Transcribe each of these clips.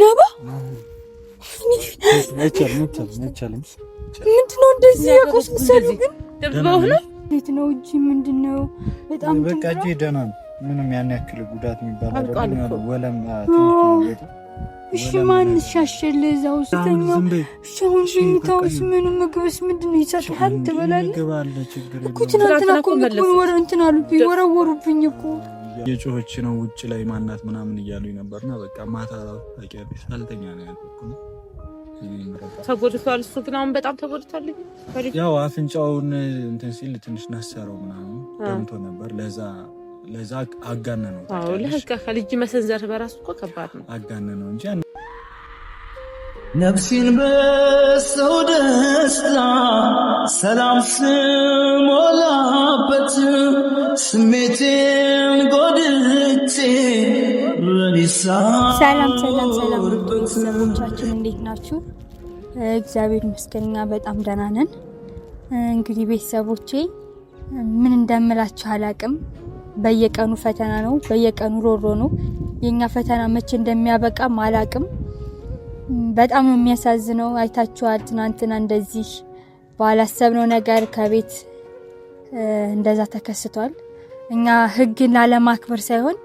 ነባ አይቻልም። ምንድን ነው እጅ ምንድን ነው? በጣም በቃ እጄ ደህና ነው። ምንም ያን ያክል ጉዳት የሚባል ወለም እሺ ማን ሻሸለ እዛ ውስተኛ ምን ምግብስ ምንድን ነው ይሰጥሃል? ትበላለህ እኮ ትናንትና እኮ እንትን አሉብኝ ወረወሩብኝ እኮ የጩኸች ነው ውጭ ላይ ማናት ምናምን እያሉኝ ነበርና በቃ ማታ ታውቂያለሽ አልተኛ ነው ያልኩት። ተጎድቷል። እሱ ግን አሁን በጣም ተጎድቷል። ያው አፍንጫውን እንትን ሲል ትንሽ ነሰረው ምናምን ደምቶ ነበር። ለዛ ለዛ አጋነነው። ልክ ከልጅ መሰንዘር በራሱ እኮ ከባድ ነው። አጋነነው እንጂ ነፍሴን በሰው ደስታ ሰላም ስሞላበት ስሜቴን ጎድቼ ሰላም ሰላም ሰላም ቤተሰቦቻችን እንዴት ናችሁ? እግዚአብሔር ይመስገን በጣም ደህና ነን። እንግዲህ ቤተሰቦቼ ምን እንደምላችሁ አላቅም። በየቀኑ ፈተና ነው፣ በየቀኑ ሮሮ ነው። የእኛ ፈተና መቼ እንደሚያበቃም አላቅም። በጣም ነው የሚያሳዝነው። አይታችኋል፣ ትናንትና እንደዚህ ባላሰብነው ነገር ከቤት እንደዛ ተከስቷል። እኛ ህግን ላለማክበር ሳይሆን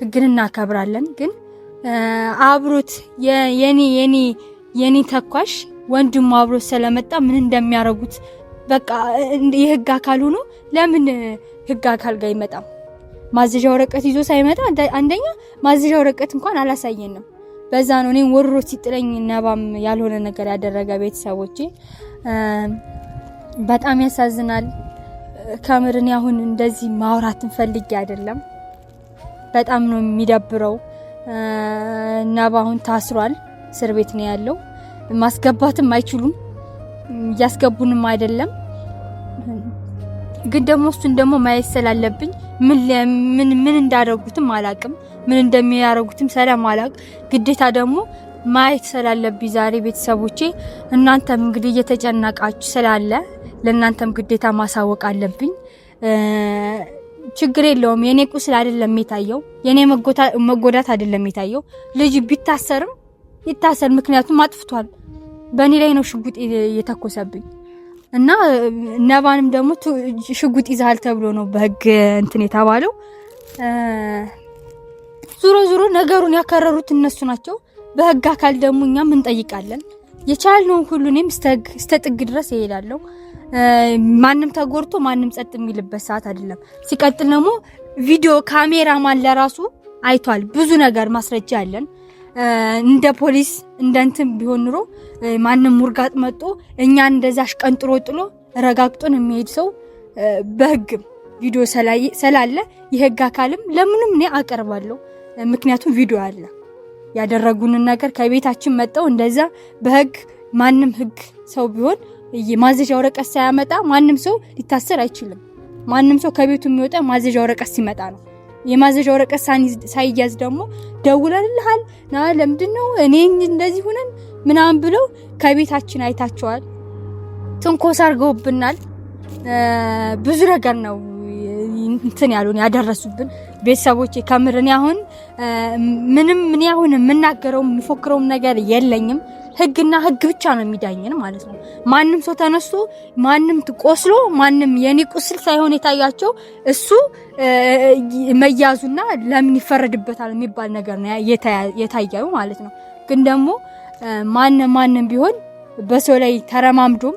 ህግን እናከብራለን፣ ግን አብሮት የኔ የኔ የኔ ተኳሽ ወንድሙ አብሮት ስለመጣ ምን እንደሚያደርጉት በቃ የህግ አካል ሆኖ ለምን ህግ አካል ጋር አይመጣም? ማዘዣ ወረቀት ይዞ ሳይመጣ አንደኛ ማዘዣ ወረቀት እንኳን አላሳየንም። በዛ ነው እኔ ወሮ ሲጥለኝ ነባም ያልሆነ ነገር ያደረገ ቤተሰቦች በጣም ያሳዝናል። ከምር እኔ አሁን እንደዚህ ማውራትን ፈልጌ አይደለም። በጣም ነው የሚደብረው። ነባ አሁን ታስሯል፣ እስር ቤት ነው ያለው። ማስገባትም አይችሉም፣ እያስገቡንም አይደለም። ግን ደግሞ እሱን ደግሞ ማየት ስላለብኝ ምን ምን እንዳደረጉትም አላቅም። ምን እንደሚያደርጉትም ስለማላቅ ግዴታ ደግሞ ማየት ስላለብኝ ዛሬ ቤተሰቦቼ እናንተም እንግዲህ እየተጨነቃችሁ ስላለ ለእናንተም ግዴታ ማሳወቅ አለብኝ። ችግር የለውም። የኔ ቁስል አይደለም የታየው፣ የኔ መጎዳት አይደለም የታየው። ልጅ ቢታሰርም ይታሰር፣ ምክንያቱም አጥፍቷል። በእኔ ላይ ነው ሽጉጥ የተኮሰብኝ እና ነባንም ደግሞ ሽጉጥ ይዛሃል ተብሎ ነው በህግ እንትን የተባለው። ዞሮ ዞሮ ነገሩን ያከረሩት እነሱ ናቸው። በህግ አካል ደግሞ እኛም እንጠይቃለን። የቻልነውን ሁሉ እኔም እስከ ጥግ ድረስ ይሄዳለሁ። ማንም ተጎድቶ ማንም ጸጥ የሚልበት ሰዓት አይደለም። ሲቀጥል ደግሞ ቪዲዮ ካሜራ ማን ለራሱ አይቷል። ብዙ ነገር ማስረጃ አለን። እንደ ፖሊስ እንደ እንትን ቢሆን ኑሮ ማንም ሙርጋጥ መጦ እኛን እንደዛ አሽቀንጥሮ ጥሎ ረጋግጦን የሚሄድ ሰው በህግም ቪዲዮ ስላለ የህግ አካልም ለምንም እኔ አቀርባለሁ። ምክንያቱም ቪዲዮ አለ ያደረጉንን ነገር ከቤታችን መጠው እንደዛ በህግ ማንም ህግ ሰው ቢሆን ማዘዣ ወረቀት ሳያመጣ ማንም ሰው ሊታሰር አይችልም። ማንም ሰው ከቤቱ የሚወጣ ማዘዣ ወረቀት ሲመጣ ነው። የማዘዣ ወረቀት ሳይያዝ ደግሞ ደውለልሃል ና ለምንድን ነው እኔ እንደዚህ ሁነን ምናምን ብለው ከቤታችን አይታቸዋል። ትንኮስ አድርገውብናል። ብዙ ነገር ነው እንትን ያሉን ያደረሱብን። ቤተሰቦቼ ከምር እኔ አሁን ምንም እኔ አሁን የምናገረው የምፎክረውም ነገር የለኝም። ህግና ህግ ብቻ ነው የሚዳኝን ማለት ነው። ማንም ሰው ተነስቶ ማንም ቆስሎ ማንም የኔ ቁስል ሳይሆን የታያቸው እሱ መያዙና ለምን ይፈረድበታል የሚባል ነገር ነው የታያዩ ማለት ነው። ግን ደግሞ ማንም ማንም ቢሆን በሰው ላይ ተረማምዶም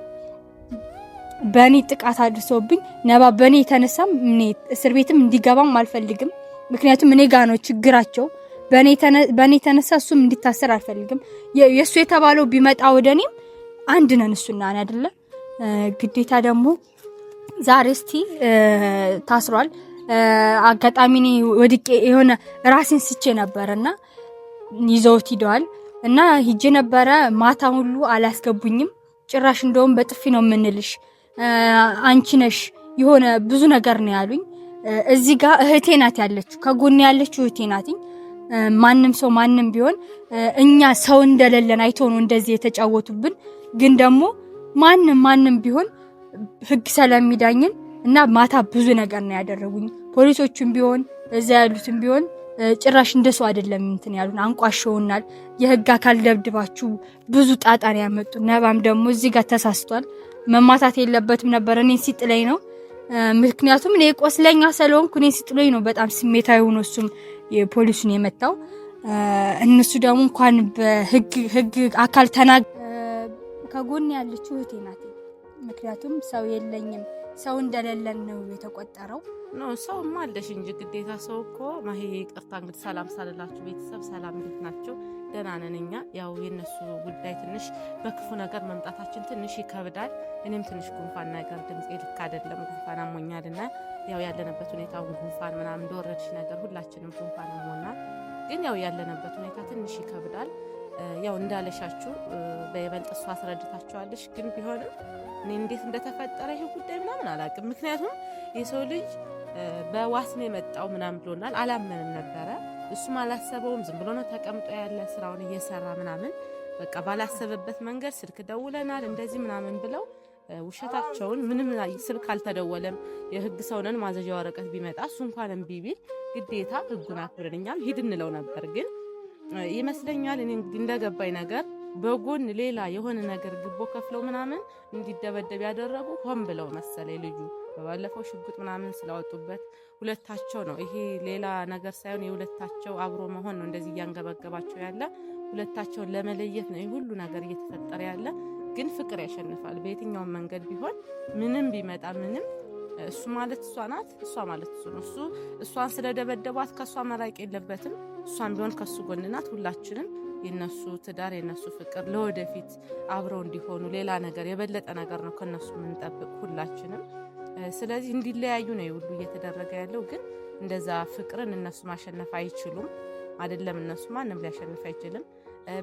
በእኔ ጥቃት አድርሶብኝ ነባ በእኔ የተነሳም እስር ቤትም እንዲገባም አልፈልግም። ምክንያቱም እኔ ጋ ነው ችግራቸው። በእኔ የተነሳ እሱም እንዲታሰር አልፈልግም። የእሱ የተባለው ቢመጣ ወደ እኔም አንድ ነን እሱና እኔ አይደለ። ግዴታ ደግሞ ዛሬ እስቲ ታስሯል። አጋጣሚ እኔ ወድቄ የሆነ ራሴን ስቼ ነበረ እና ይዘውት ሂደዋል እና ሂጄ ነበረ። ማታ ሁሉ አላስገቡኝም። ጭራሽ እንደውም በጥፊ ነው የምንልሽ አንቺ ነሽ የሆነ ብዙ ነገር ነው ያሉኝ። እዚህ ጋ እህቴ ናት ያለችው፣ ከጎን ያለችው እህቴ ናትኝ። ማንም ሰው ማንም ቢሆን እኛ ሰው እንደሌለን አይቶ ነው እንደዚህ የተጫወቱብን። ግን ደግሞ ማንም ማንም ቢሆን ህግ ስለሚዳኝን እና ማታ ብዙ ነገር ነው ያደረጉኝ። ፖሊሶቹም ቢሆን እዛ ያሉትም ቢሆን ጭራሽ እንደ ሰው አይደለም እንትን ያሉን፣ አንቋሸውናል። የህግ አካል ደብድባችሁ ብዙ ጣጣን ያመጡ። ነባም ደግሞ እዚህ ጋር ተሳስቷል። መማታት የለበትም ነበር። እኔን ሲጥለኝ ነው። ምክንያቱም እኔ ቆስለኛ ስለሆንኩ እኔን ሲጥለኝ ነው። በጣም ስሜታዊ ሆኖ እሱም የፖሊሱን የመታው። እነሱ ደግሞ እንኳን በህግ አካል ተና ከጎን ያለችው እህቴ ናት። ምክንያቱም ሰው የለኝም ሰው እንደሌለን ነው የተቆጠረው። ሰው ማለሽ እንጂ ግዴታ ሰው እኮ ማሄ ቅርታ እንግዲህ ሰላም ሳልላችሁ ቤተሰብ ሰላም እንዴት ናቸው? ደህና ነን እኛ። ያው የነሱ ጉዳይ ትንሽ በክፉ ነገር መምጣታችን ትንሽ ይከብዳል። እኔም ትንሽ ጉንፋን ነገር ድምጽ ልክ አይደለም፣ ጉንፋን አሞኛልና ያው ያለንበት ሁኔታ ጉንፋን ምናምን እንደወረድሽ ነገር ሁላችንም ጉንፋን አሞናል። ግን ያው ያለንበት ሁኔታ ትንሽ ይከብዳል። ያው እንዳለሻችሁ በይበልጥ እሱ አስረድታችኋለሽ። ግን ቢሆንም እኔ እንዴት እንደተፈጠረ ይህ ጉዳይ ምናምን አላውቅም። ምክንያቱም የሰው ልጅ በዋስ ነው የመጣው ምናምን ብሎናል፣ አላመንም ነበረ እሱም አላሰበውም። ዝም ብሎ ነው ተቀምጦ ያለ ስራውን እየሰራ ምናምን በቃ ባላሰበበት መንገድ ስልክ ደውለናል እንደዚህ ምናምን ብለው ውሸታቸውን ምንም ስልክ አልተደወለም። የህግ ሰውነን ማዘዣ ወረቀት ቢመጣ እሱ እንኳን እምቢ ቢል ግዴታ ህጉን አክብረን እኛም ሂድ እንለው ነበር። ግን ይመስለኛል እኔ እንደገባኝ ነገር በጎን ሌላ የሆነ ነገር ግቦ ከፍለው ምናምን እንዲደበደብ ያደረጉ ሆን ብለው መሰለኝ ልዩ በባለፈው ሽጉጥ ምናምን ስላወጡበት ሁለታቸው ነው። ይሄ ሌላ ነገር ሳይሆን የሁለታቸው አብሮ መሆን ነው እንደዚህ እያንገበገባቸው ያለ ሁለታቸውን ለመለየት ነው ይህ ሁሉ ነገር እየተፈጠረ ያለ። ግን ፍቅር ያሸንፋል በየትኛውም መንገድ ቢሆን ምንም ቢመጣ ምንም እሱ ማለት እሷ ናት፣ እሷ ማለት እሱ ነው። እሱ እሷን ስለደበደቧት ከእሷ መራቅ የለበትም። እሷን ቢሆን ከሱ ጎን ናት። ሁላችንም የነሱ ትዳር የነሱ ፍቅር ለወደፊት አብረው እንዲሆኑ ሌላ ነገር የበለጠ ነገር ነው ከነሱ የምንጠብቅ ሁላችንም ስለዚህ እንዲለያዩ ነው ሁሉ እየተደረገ ያለው። ግን እንደዛ ፍቅርን እነሱ ማሸነፍ አይችሉም አይደለም። እነሱ ማንም ሊያሸንፍ አይችልም።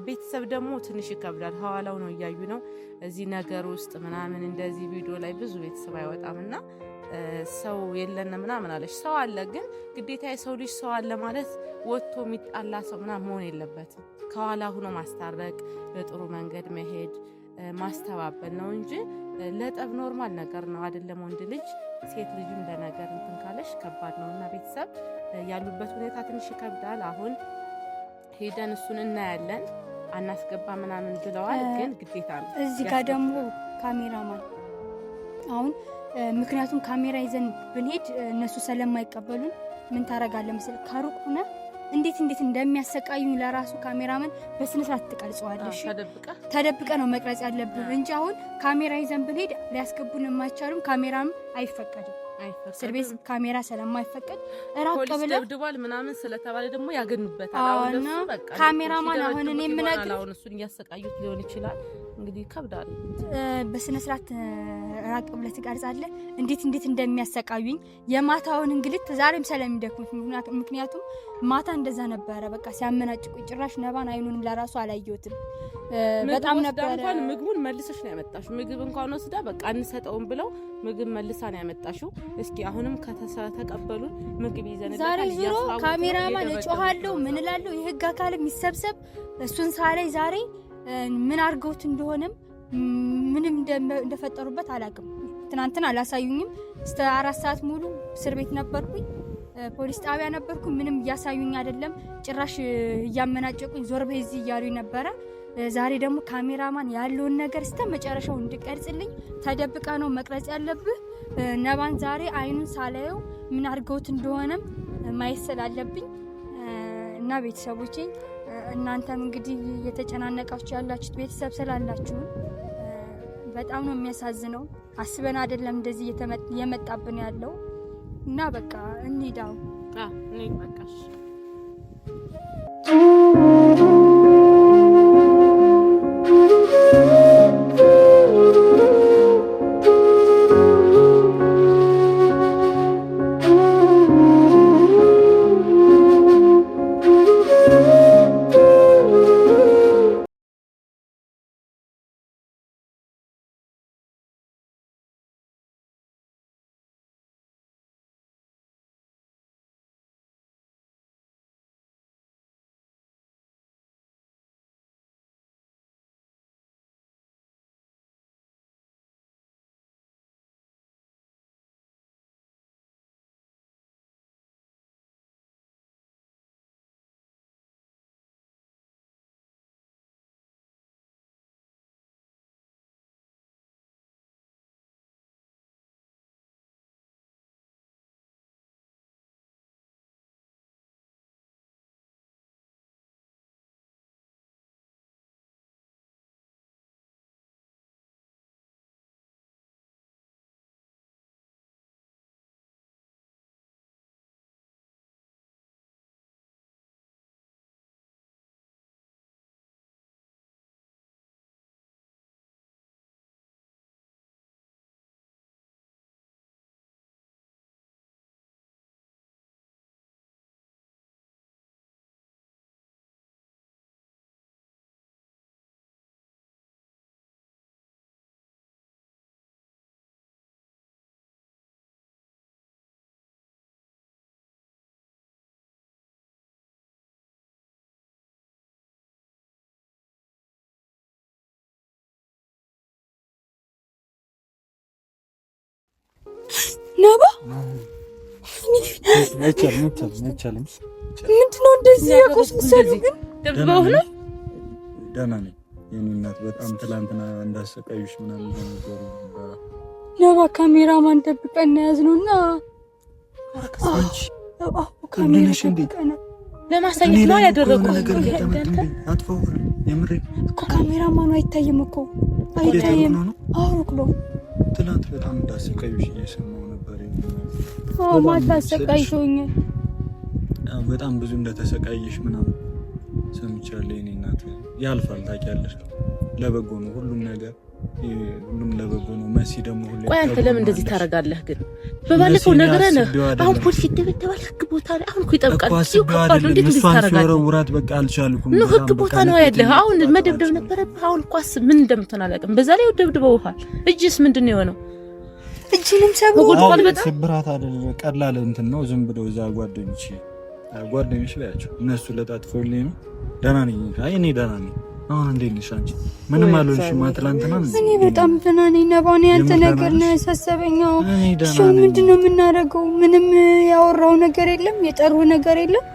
ቤተሰብ ደግሞ ትንሽ ይከብዳል። ሀዋላው ነው እያዩ ነው እዚህ ነገር ውስጥ ምናምን እንደዚህ ቪዲዮ ላይ ብዙ ቤተሰብ አይወጣም እና ሰው የለን ምናምን አለች። ሰው አለ፣ ግን ግዴታ የሰው ልጅ ሰው አለ ማለት ወጥቶ የሚጣላ ሰው ምናምን መሆን የለበትም። ከኋላ ሁኖ ማስታረቅ፣ በጥሩ መንገድ መሄድ ማስተባበል ነው እንጂ ለጠብ ኖርማል ነገር ነው አይደለም? ወንድ ልጅ ሴት ልጅም በነገር እንትን ካለሽ ከባድ ነው እና ቤተሰብ ያሉበት ሁኔታ ትንሽ ይከብዳል። አሁን ሄደን እሱን እናያለን። አናስገባ ምናምን ብለዋል፣ ግን ግዴታ ነው። እዚህ ጋር ደግሞ ካሜራማን አሁን ምክንያቱም ካሜራ ይዘን ብንሄድ እነሱ ስለማይቀበሉን ምን ታረጋለ ምስል ከሩቅ ሆነ እንዴት እንዴት እንደሚያሰቃዩ ለራሱ ካሜራመን በስነ ስርዓት ትቀርጸዋለሽ። ተደብቀ ነው መቅረጽ ያለብን እንጂ አሁን ካሜራ ይዘን ብንሄድ ሊያስገቡን የማይቻሉም ካሜራም አይፈቀድም። እስር ቤት ካሜራ ስለማይፈቀድ ራቅ ብለ ደብድቧል ምናምን ስለተባለ ደግሞ ያገኙበታል። ካሜራማን አሁን እኔ የምነግርህ እሱን እያሰቃዩት ሊሆን ይችላል እንግዲህ ይከብዳል። በስነ ስርዓት ራቅ ብለህ ትቀርጻለህ። እንዴት እንዴት እንደሚያሰቃዩኝ የማታውን እንግልት ዛሬም ስለሚደክሙት፣ ምክንያቱም ማታ እንደዛ ነበረ። በቃ ሲያመናጭቁ ጭራሽ ነባን አይኑንም ለራሱ አላየሁትም። በጣም ነበረ። እንኳን ምግቡን መልሰሽ ነው ያመጣሽ። ምግብ እንኳን ወስዳ በቃ አንሰጠውም ብለው ምግብ መልሳ ነው ያመጣሽው። እስኪ አሁንም ከተቀበሉን ምግብ ይዘን ዛሬ ዞሮ ካሜራማን እጮሃለሁ፣ ምን እላለሁ፣ የህግ አካልም ይሰብሰብ እሱን ሳላይ ዛሬ ምን አድርገውት እንደሆነም ምንም እንደፈጠሩበት አላውቅም። ትናንትና አላሳዩኝም። እስከ አራት ሰዓት ሙሉ እስር ቤት ነበርኩኝ፣ ፖሊስ ጣቢያ ነበርኩ። ምንም እያሳዩኝ አይደለም። ጭራሽ እያመናጨቁኝ ዞር በይ እዚህ እያሉኝ ነበረ። ዛሬ ደግሞ ካሜራማን ያለውን ነገር እስከ መጨረሻው እንድቀርጽልኝ ተደብቀ ነው መቅረጽ ያለብህ። ነባን ዛሬ አይኑን ሳላየው ምን አድርገውት እንደሆነም ማየት ስላለብኝ እና ቤተሰቦቼ እናንተም እንግዲህ እየተጨናነቃችሁ ያላችሁት ቤተሰብ ስላላችሁ በጣም ነው የሚያሳዝነው። አስበን አይደለም እንደዚህ እየመጣብን ያለው እና በቃ እኔ አሁን ነባ አይቻልም። ምንድን ነው እንደዚህ ያቆስምሳሉ? ግን ደብድበው ነው። ደህና ደብቀን ያዝነው እና ለማሳየት ነው ያደረጉት። አጥፋው እኮ ካሜራማኑ አይታይም እኮ አይታይም። አውሩክ ነው ትላንት በጣም እንዳሰቃዩሽ እየሰማ ማታ አሰቃይቶኛል። በጣም ብዙ እንደተሰቃየሽ ምናምን ሰምቻለሁ። የእኔ እናት ያልፋል፣ ታውቂያለሽ። ለበጎ ነው ሁሉም ነገር፣ ሁሉም ለበጎ ነው። መሲ ደግሞ ቆይ፣ አንተ ለምን እንደዚህ ታደርጋለህ? ግን በባለፈው አሁን ፖሊስ ይደበደባል፣ ህግ ቦታ ላይ አሁን እኮ ይጠብቃል። በቃ አልቻልኩም ህግ ቦታ ነው ያለህ። አሁን መደብደብ ነበረብህ። አሁን እኮ አስብ ምን እንደምትሆን አላውቅም። በዛ ላይ ደብድበውሃል። እጅስ ምንድን ነው የሆነው? እጅንም ስብራት አይደል ቀላል እንትን ነው። ዝም ብለው እዛ ጓደኞች ጓደኞች ላያቸው እነሱ ለጣጥፈውልኝ ነው። ደህና ነኝ። አይ እኔ ደህና ነኝ። አሁን እንዴት ነሽ አንቺ? ምንም አልሆንሽም። ትላንትና እኔ በጣም ደህና ነኝ። ነባኔ ያንተ ነገር ነው ያሳሰበኛው። እሺ ምንድን ነው የምናደርገው? ምንም ያወራው ነገር የለም፣ የጠሩ ነገር የለም።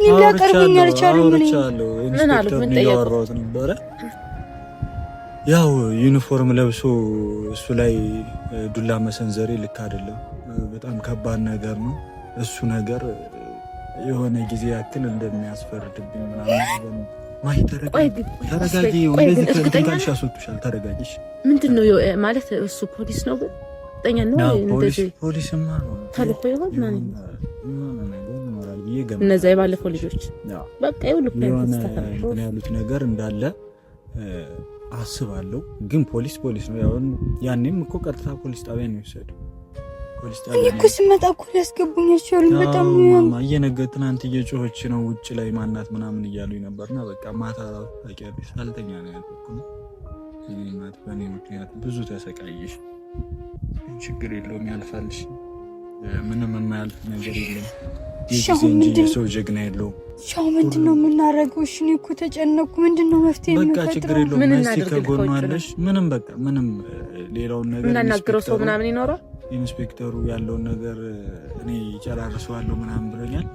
እኔ ላቀርብኝ አልቻሉም። ምን አሉ? ምን ጠየቁት ነበረ ያው ዩኒፎርም ለብሶ እሱ ላይ ዱላ መሰንዘሬ ልክ አይደለም። በጣም ከባድ ነገር ነው እሱ ነገር የሆነ ጊዜ ያክል እንደሚያስፈርድብኝ ምናምን ማይ ተረጋጊ፣ ወደዚህ ያስወጡሻል። ተረጋጊሽ። ምንድን ነው ማለት እሱ ፖሊስ ነው ግን ጠኛ የባለፈው ልጆች በቃ ያሉት ነገር እንዳለ አስባለሁ። ግን ፖሊስ ፖሊስ ነው። ያው ያኔም እኮ ቀጥታ ፖሊስ ጣቢያ ነው የወሰዱ። እኮ ስመጣ እኮ ሊያስገቡኝ በጣም እየነገ ትናንት እየጮኸች ነው ውጭ ላይ ማናት ምናምን እያሉ ነበርና በቃ ማታ ታውቂያለሽ፣ ሳልተኛ ነው ያልኩት። እናት በእኔ ምክንያት ብዙ ተሰቃየሽ። ችግር የለውም ያልፋልሽ። ምንም የማያልፍ ነገር የለም። ሰው ጀግና የለው ሻው ምንድን ነው የምናደርገው? እሺ እኔ እኮ ተጨነኩ። ምንድን ነው መፍትሄ በቃ ችግር የለውም መሲ ከጎኗለሽ። ምንም በቃ ምንም ሌላውን ነገር የምናናግረው ሰው ምናምን ኢንስፔክተሩ ያለውን ነገር እኔ ይጨራርሰዋለሁ ምናምን ብለኛል።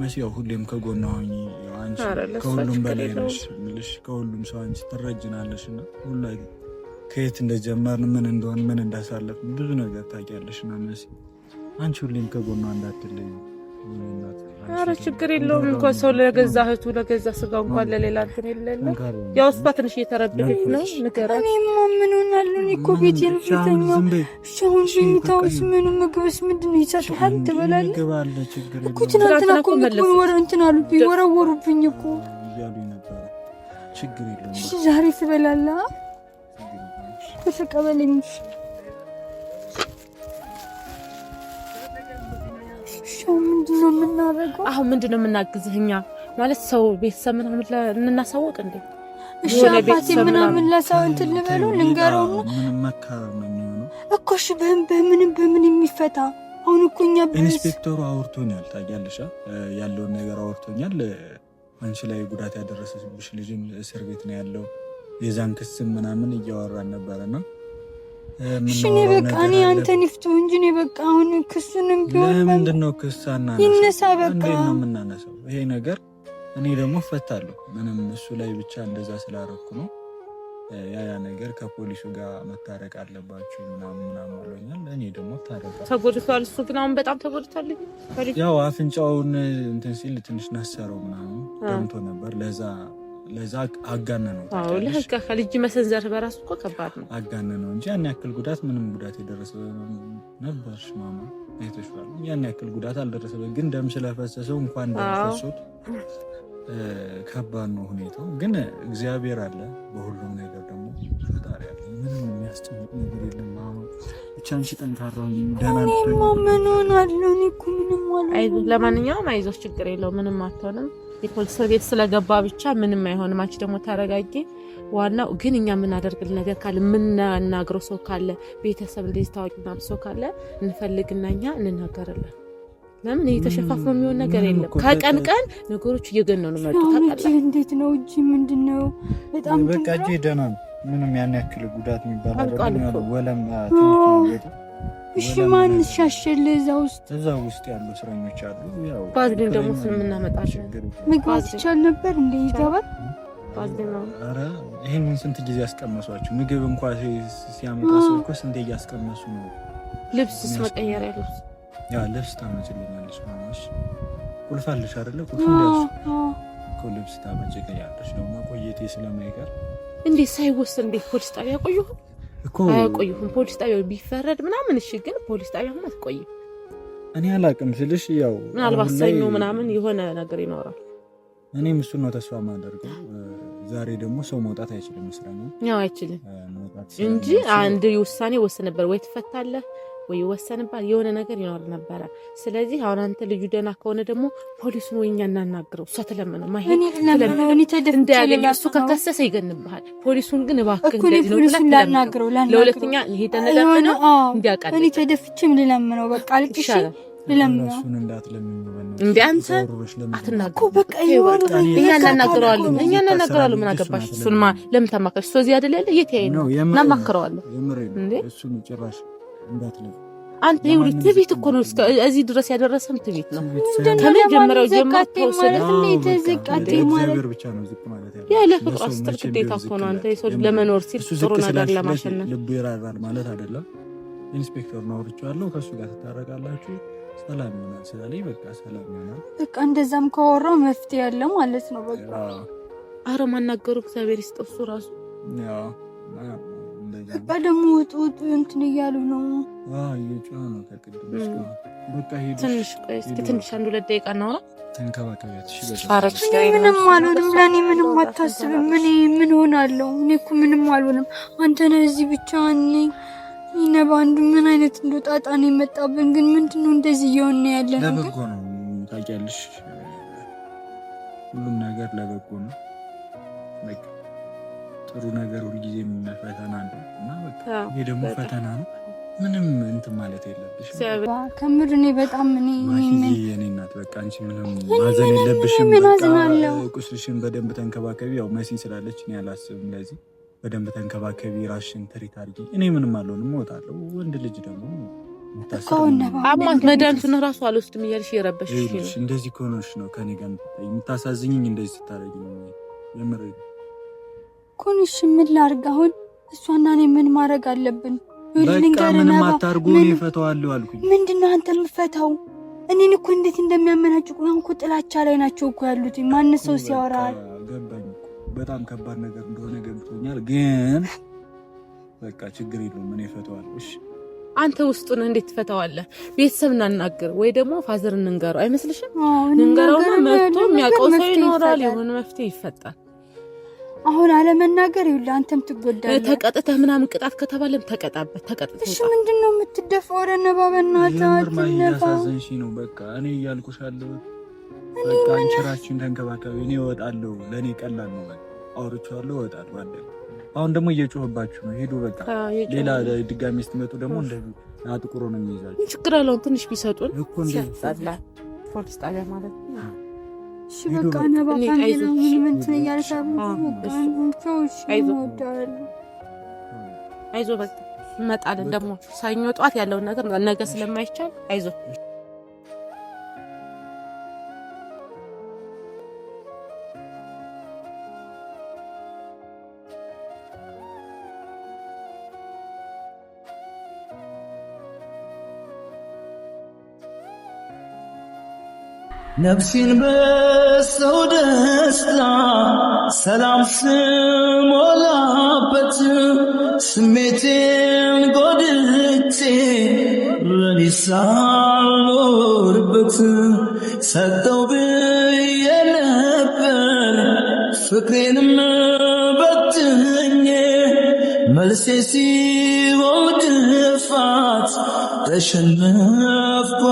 መስ ያው ሁሌም ከጎኗ ሆኜ አንቺ ከሁሉም በላይ ነሽ የምልሽ ከሁሉም ሰው አንቺ ትረጅናለሽ እና ሁላ ከየት እንደጀመርን ምን እንደሆን ምን እንዳሳለፍ ብዙ ነገር ታውቂያለሽ እና መስ አንቺ ሁሌም ከጎኗ እንዳትለኝ አረ ችግር የለውም። እንኳን ሰው ለገዛ እህቱ ለገዛ ስጋ እንኳን ለሌላ እንትን የለለ። ያው እሷ ትንሽ እየተረበደች ነው። ንገራት። እኔማ ምን ሆናለሁ? እኔ እኮ ቤት የልፍተኛው ሻሁን ሽኝታውስ ምኑ ምግብስ ምንድን ነው? ይሰጥሃል፣ ትበላለህ እኮ። ትናንትና እኮ ምግቡን ወረ እንትን አሉብኝ፣ ወረወሩብኝ እኮ። ዛሬ ትበላለህ። ተቀበለኝ አሁን ምንድን ነው የምናደርገው? አሁን ምንድን ነው የምናግዝህ እኛ ማለት ሰው ቤተሰብ ምናምን እናሳወቅ እንዴ? እሺ አባቴ ምናምን ለሰው እንትን ልበሉ ልንገረው እኮ እሺ። በምንም በምን የሚፈታ አሁን እኮ እኛ ኢንስፔክተሩ አውርቶኛል፣ ታውቂያለሽ፣ ያለውን ነገር አውርቶኛል። አንቺ ላይ ጉዳት ያደረሰብሽ ልጅም እስር ቤት ነው ያለው። የዛን ክስም ምናምን እያወራን ነበረና እሺ እኔ በቃ እኔ አንተን ይፍተው እንጂ እኔ በቃ አሁን ክሱንም ቢሆን ለምንድን ነው ክስ አናነሳም? ይነሳ በቃ ነው የምናነሳው ይሄ ነገር። እኔ ደግሞ እፈታለሁ። ምንም እሱ ላይ ብቻ እንደዛ ስላረኩ ነው ያ ነገር ከፖሊሱ ጋር መታረቅ አለባቸው ምናምን ምናምን ብሎኛል። እኔ ደግሞ ታረቃ ተጎድቷል። እሱ ግን አሁን በጣም ተጎድቷል። ያው አፍንጫውን እንትን ሲል ትንሽ ነሰረው ምናምን ደምቶ ነበር ለዛ ለዛ አጋነነው። ልህግ ልጅ መሰንዘር በራሱ እኮ ከባድ ነው። አጋነነው እንጂ ያን ያክል ጉዳት ምንም ጉዳት የደረሰ ነበር። ሽማማ ቤቶች ባሉ ያን ያክል ጉዳት አልደረሰበት፣ ግን ደም ስለፈሰሰው እንኳን ደፈሱት ከባድ ነው ሁኔታው። ግን እግዚአብሔር አለ በሁሉም ነገር ደግሞ ፈጣሪ አለ። ምንም የሚያስጨንቅ ነገር የለም። ብቻ አንቺ ጠንካራ ደህና ሆናለሁ። ለማንኛውም አይዞህ፣ ችግር የለው ምንም አትሆንም። የፖሊስ ቤት ስለገባ ብቻ ምንም አይሆንም። አንቺ ደግሞ ተረጋጊ። ዋናው ግን እኛ የምናደርግል ነገር ካለ የምናናግረው ሰው ካለ ቤተሰብ እንደዚህ ታዋቂ ምናምን ሰው ካለ እንፈልግና እኛ እንናገርለን። ለምን የተሸፋፍኖ የሚሆን ነገር የለም። ከቀን ቀን ነገሮች እየገነኑ ነው መጡ። እንዴት ነው እጅ ምንድን ነው? በጣም በቃ ደህና ነው። ምንም ያን ያክል ጉዳት የሚባል ወለም ትንሽ ነው። እሺ ማን ሻሸል? እዛ ውስጥ እዛ ውስጥ ያሉ እስረኞች አሉ። ያው ባዝሊን ደግሞ ስለምናመጣቸው ምግባት ይቻል ነበር እንደ ይገባል። ኧረ ይሄንን ስንት ጊዜ ያስቀመሷችሁ? ምግብ እንኳ ሲያመጣ ሰው እኮ ስንት እያስቀመሱ ነው። ልብስስ መቀየሪያ ያለው ያ ልብስ ታመጭልኛለች። ማማሽ ቁልፍ አለሽ አይደለ? ቁልፍ እንደሱ እኮ ልብስ ታመጭልኛለች። ነው ማቆየቴ ስለማይቀር እንዴት ሳይወስድ እንዴት ፖሊስ ጣቢያ ቆየሁ አያቆይሁም። ፖሊስ ጣቢያ ቢፈረድ ምናምን እሺ፣ ግን ፖሊስ ጣቢያ ሁን አትቆይም። እኔ አላቅም ስልሽ ያው ምናልባት ሰኞ ምናምን የሆነ ነገር ይኖራል። እኔም እሱን ነው ተስፋ ማደርገው። ዛሬ ደግሞ ሰው መውጣት አይችልም፣ ስራ ነው አይችልም እንጂ አንድ ውሳኔ ነበር ወይ ትፈታለህ ወይ ይወሰንባል የሆነ ነገር ይኖር ነበረ። ስለዚህ አሁን አንተ ልጁ ደህና ከሆነ ደግሞ ፖሊስ ነው እኛ እናናግረው። እሷ ትለምነው ማሄድ እሱ ከከሰሰ ይገንብሃል። ፖሊሱን ግን እባክህ ለሁለተኛ ሄደን ለምነው እንዲያውቃል። እኔ ልለምነው በቃ ልቅሽ እንደ አንተ አትናገረውም። እኛ እናናግረዋለን ምን አገባሽ እሱንማ? ለምን ታማክረሽ? እሱ እዚህ አይደለ የት ያይ ነው? እናማክረዋለን። አንተ ይኸውልህ ትዕቢት እኮ ነው እዚህ ድረስ ያደረሰም ትዕቢት ነው። ከመጀመሪያው ጀምሮ ያለ ፍቅር አስጥር ግዴታ እኮ ነው። አንተ የሰው ለመኖር ሲል ጥሩ ነገር ለማሸነፍ ልቡ ይራራል ማለት አይደለም። ኢንስፔክተር ነው አውርቼዋለሁ። ከእሱ ጋር ትታረቃላችሁ፣ ሰላም ይሆናል ስላለኝ በቃ ሰላም ይሆናል። በቃ እንደዛም ካወራው መፍትሄ ያለ ማለት ነው። በቃ አረ ማናገሩ እግዚአብሔር ይስጠው እሱ ራሱ በቃ ደግሞ ውጡ ወጡ እንትን እያሉ ነው እየጮኸ ነው። በቃ ትንሽ ቆይ እስኪ ትንሽ አንድ ሁለት ደቂቃ እናውራ። ምንም አልሆንም። ለእኔ ምንም አታስብም። እኔ ምን ሆናለሁ? እኔ እኮ ምንም አልሆንም። አንተ ነህ እዚህ ብቻህን ይነ በአንዱ ምን አይነት እንደ ጣጣ ነው የመጣብን። ግን ምንድን ነው እንደዚህ እየሆነ ያለ ነው? ለበጎ ነው ታውቂያለሽ፣ ሁሉም ነገር ለበጎ ነው። ጥሩ ነገር ሁልጊዜ ፈተና ነው እና ይሄ ደግሞ ፈተና ነው። ምንም እንትን ማለት የለብሽ ከምር እኔ በጣም እኔ የኔ እናት በቃ አንቺ ምንም ማዘን የለብሽም። ቁስልሽን በደንብ ተንከባከቢ። ያው መሲ ስላለች እኔ አላስብም። ለዚህ በደንብ ተንከባከቢ፣ ራሽን ትሪት አድርጊ። እኔ ምንም አልሆንም፣ እወጣለሁ። ወንድ ልጅ ደግሞ አማት መድኃኒቱን እራሱ አልወስድም እያልሽ የረበሽ እንደዚህ ከሆነሽ ነው ከኔ ጋር የምታሳዝኝኝ እንደዚህ ስታደርጊ ነው የምር እኮን እሺ፣ ምን ላርግ አሁን? እሷና እኔ ምን ማድረግ አለብን? በቃ ምንም አታርጉ፣ እኔ እፈታዋለሁ አልኩኝ። ምንድነው አንተ የምፈታው? እኔን እኮ እንዴት እንደሚያመናጭቁ እኮ ጥላቻ ላይ ናቸው እኮ ያሉት። ማን ሰው ሲያወራል? ገባኝ። በጣም ከባድ ነገር እንደሆነ ገብቶኛል። ግን በቃ ችግር የለውም፣ እኔ እፈታዋለሁ። እሺ አንተ ውስጡን እንዴት ትፈታዋለህ? ቤተሰብ እናናግር ወይ ደግሞ ፋዘር እንንገረው አይመስልሽም? ንንገረውና መጥቶ የሚያውቀው ሰው ይኖራል፣ የሆነ መፍትሄ ይፈጣል። አሁን አለመናገር ይሁን ለአንተም ትጎዳለህ። ተቀጥተህ ምናምን ቅጣት ከተባለም ተቀጣበት፣ ተቀጥተህ። እሺ ምንድን ነው የምትደፋው? ኧረ ነባ፣ በእናትህ ነው። በቃ እኔ እያልኩሽ አለው። በቃ እንችራችን ተንከባከቢ። እኔ እወጣለሁ፣ ለእኔ ቀላል ነው። በቃ አውርቼዋለሁ፣ እወጣለሁ። አለ አሁን ደግሞ እየጮህባችሁ ነው። ሄዱ፣ በቃ ሌላ ድጋሚ ስትመጡ ደግሞ እንደ ጥቁሮ ነው የሚይዛችሁ። ችግር አለውን? ትንሽ ቢሰጡን ፖሊስ ጣቢያ ማለት ነው እሺ በቃ ነባካኔ አይዞ በቃ እመጣለን። ደግሞ ሰኞ ጠዋት ያለውን ነገር ነገ ስለማይቻል አይዞ ነፍሴን በሰው ደስታ ሰላም ስሞላበት ስሜቴን ጎድቼ በኔ ሳልኖርበት ሰጠው ብዬ ነበር ፍቅሬንም በትኜ መልሴ ሲሆን ድፋት ተሸነፍኩ